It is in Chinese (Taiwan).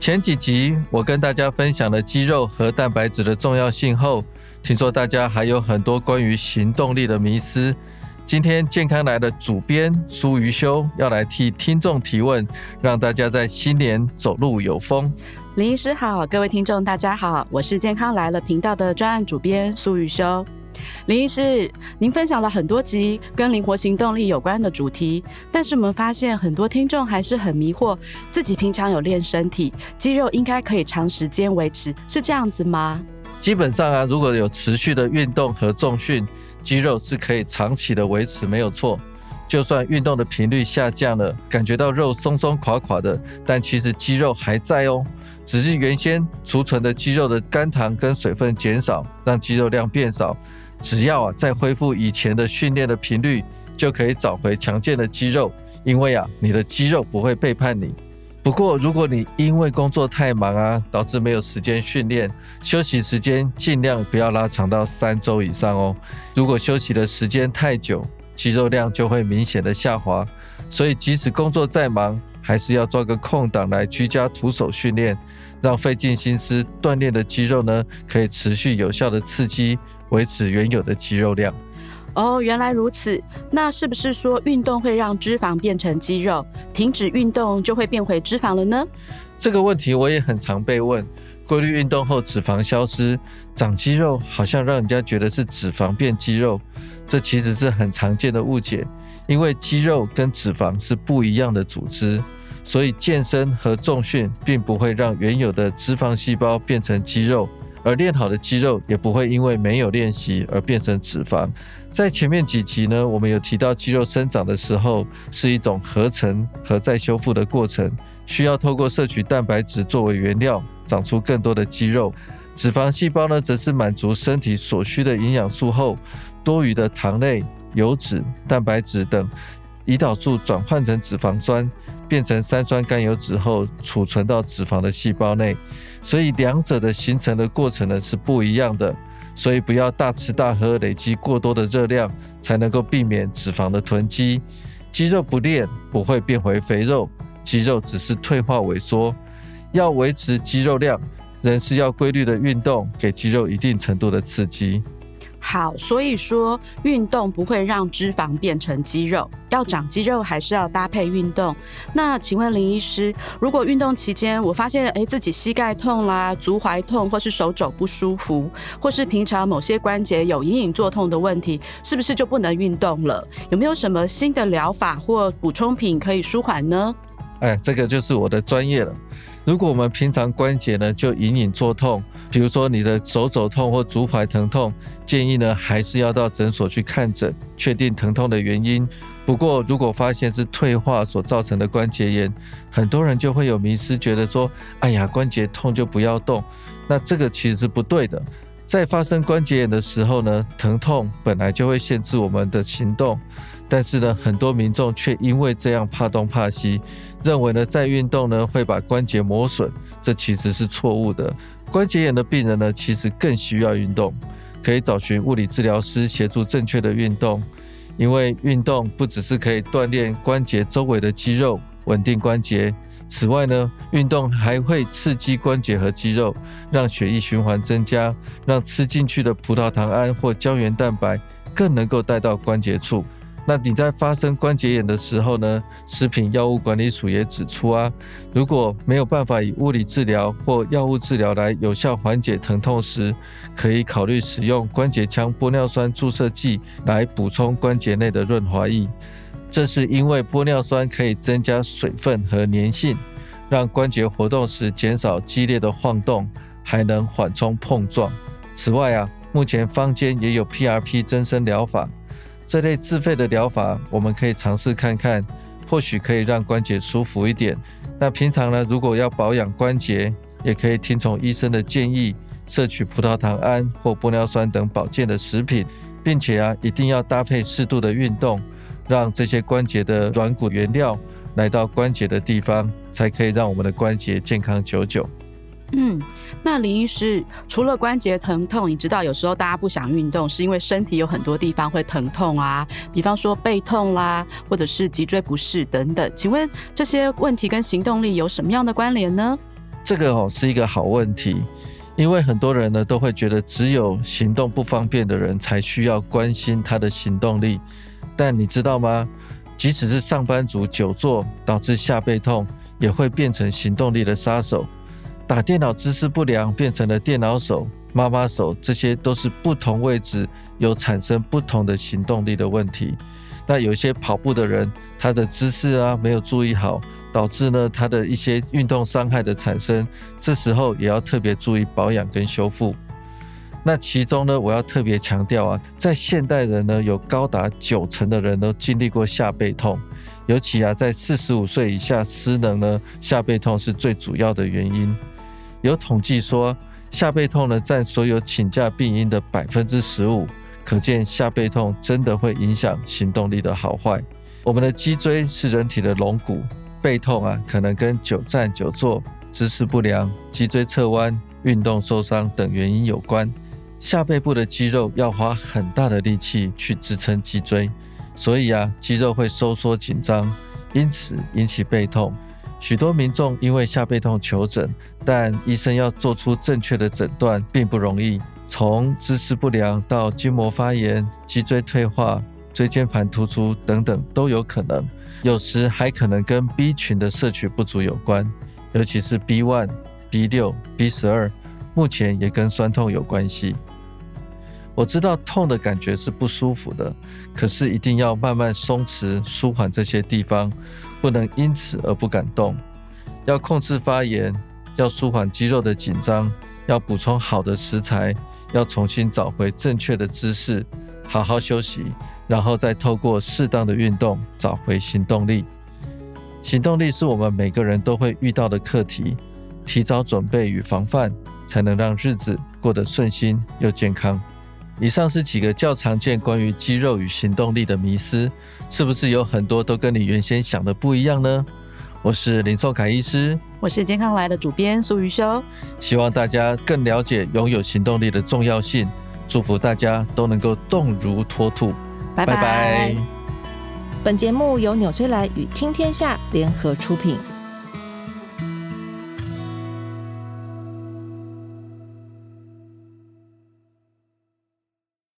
前幾集我跟大家分享了肌肉和蛋白質的重要性後，聽說大家還有很多關於行動力的迷思。今天健康來了主編蘇瑜修要來替聽眾提問，讓大家在新年走路有風。林醫師好，各位聽眾大家好，我是健康來了頻道的專案主編蘇瑜修。林醫師，您分享了很多集跟靈活行動力有關的主題，但是我們發現很多聽眾還是很迷惑，自己平常有練身體，肌肉應該可以長時間維持，是這樣子嗎？基本上啊，如果有持續的運動和重訓，肌肉是可以長期的維持，沒有錯。就算運動的頻率下降了，感覺到肉鬆鬆垮垮的，但其實肌肉還在哦，只是原先儲存的肌肉的肝糖跟水分減少，讓肌肉量變少。只要啊，再恢復以前的訓練的頻率，就可以找回強健的肌肉。因為啊，你的肌肉不會背叛你。不過，如果你因為工作太忙啊，導致沒有時間訓練，休息時間盡量不要拉長到三週以上哦。如果休息的時間太久，肌肉量就會明顯的下滑。所以，即使工作再忙，還是要抓個空檔來居家徒手訓練，讓費盡心思鍛鍊的肌肉呢，可以持續有效的刺激，維持原有的肌肉量。哦，原來如此。那是不是說運動會讓脂肪變成肌肉，停止運動就會變回脂肪了呢？這個問題我也很常被問。規律運動後脂肪消失，長肌肉好像讓人家覺得是脂肪變肌肉，這其實是很常見的誤解，因為肌肉跟脂肪是不一樣的組織，所以健身和重訓並不會讓原有的脂肪細胞變成肌肉。而練好的肌肉也不會因為沒有練習而變成脂肪。在前面幾集呢，我們有提到肌肉生長的時候是一種合成和再修復的過程，需要透過攝取蛋白質作為原料，長出更多的肌肉。脂肪細胞呢，則是滿足身體所需的營養素後，多餘的糖類、油脂、蛋白質等。胰島素轉換成脂肪酸，變成三酸甘油酯，後儲存到脂肪的細胞內。所以兩者的形成的過程呢，是不一樣的。所以不要大吃大喝，累積過多的熱量，才能夠避免脂肪的囤積。肌肉不練不會變回肥肉，肌肉只是退化萎縮。要維持肌肉量，仍是要規律的運動，給肌肉一定程度的刺激。好，所以說運動不會讓脂肪變成肌肉，要長肌肉還是要搭配運動。那請問林醫師，如果運動期間我發現誒自己膝蓋痛啦、足踝痛，或是手肘不舒服，或是平常某些關節有隱隱作痛的問題，是不是就不能運動了？有沒有什麼新的療法或補充品可以舒緩呢？哎，這個就是我的專業了。如果我們平常關節呢，就隱隱作痛，比如說你的手肘痛或足踝疼痛，建議呢還是要到診所去看診，確定疼痛的原因。不過如果發現是退化所造成的關節炎，很多人就會有迷思，覺得說，哎呀，關節痛就不要動，那這個其實是不對的。在發生關節炎的時候呢，疼痛本來就會限制我們的行動，但是呢，很多民眾卻因為這樣怕東怕西，認為呢在運動呢會把關節磨損，這其實是錯誤的。關節炎的病人呢，其實更需要運動，可以找尋物理治療師協助正確的運動，因為運動不只是可以鍛鍊關節周圍的肌肉，穩定關節。此外呢，運動還會刺激關節和肌肉，讓血液循環增加，讓吃進去的葡萄糖胺或膠原蛋白更能夠帶到關節處。那你在發生關節炎的時候呢，食品藥物管理署也指出啊，如果沒有辦法以物理治療或藥物治療來有效緩解疼痛時，可以考慮使用關節腔玻尿酸注射劑來補充關節內的潤滑液。這是因為玻尿酸可以增加水分和粘性，讓關節活動時減少激烈的晃動，還能緩衝碰撞。此外啊，目前坊間也有 PRP 增生療法這類自費的療法，我們可以嘗試看看，或許可以讓關節舒服一點。那平常呢，如果要保養關節，也可以聽從醫生的建議，攝取葡萄糖胺或玻尿酸等保健的食品，並且啊，一定要搭配適度的運動。讓這些關節的軟骨原料來到關節的地方，才可以讓我們的關節健康久久。嗯，那林醫師，除了關節疼痛，你知道有時候大家不想運動，是因為身體有很多地方會疼痛啊，比方說背痛啦、啊，或者是脊椎不適等等。請問這些問題跟行動力有什麼樣的關聯呢？這個哦是一個好問題，因為很多人呢都會覺得只有行動不方便的人才需要關心他的行動力。但你知道嗎？即使是上班族久坐導致下背痛，也會變成行動力的殺手。打電腦姿勢不良變成了電腦手、媽媽手，這些都是不同位置有產生不同的行動力的問題。那有些跑步的人，他的姿勢啊沒有注意好，導致呢他的一些運動傷害的產生，這時候也要特別注意保養跟修復。那其中呢，我要特別強調啊，在現代人呢，有高達九成的人都經歷過下背痛，尤其啊，在四十五歲以下失能呢，下背痛是最主要的原因。有統計說，下背痛呢佔所有請假病因的百分之十五，可見下背痛真的會影響行動力的好壞。我們的脊椎是人體的龍骨，背痛啊，可能跟久站、久坐、姿勢不良、脊椎側彎、運動受傷等原因有關。下背部的肌肉要花很大的力氣去支撐脊椎，所以啊，肌肉會收縮緊張，因此引起背痛。許多民眾因為下背痛求診，但醫生要做出正確的診斷並不容易。從姿勢不良到筋膜發炎、脊椎退化、椎間盤突出等等都有可能，有時還可能跟 B 群的攝取不足有關，尤其是 B1、B6、B12，目前也跟酸痛有關係。我知道痛的感覺是不舒服的，可是一定要慢慢鬆弛、舒緩這些地方，不能因此而不敢動。要控制發炎，要舒緩肌肉的緊張，要補充好的食材，要重新找回正確的姿勢，好好休息，然後再透過適當的運動找回行動力。行動力是我們每個人都會遇到的課題，提早準備與防範，才能讓日子過得順心又健康。以上是幾個較常見關於肌肉與行動力的迷思，是不是有很多都跟你原先想的不一樣呢？我是林頌凱醫師，我是健康來的主編蘇宇修，希望大家更了解擁有行動力的重要性，祝福大家都能夠動如脫兔，拜拜。本節目由紐崔萊與聽天下聯合出品。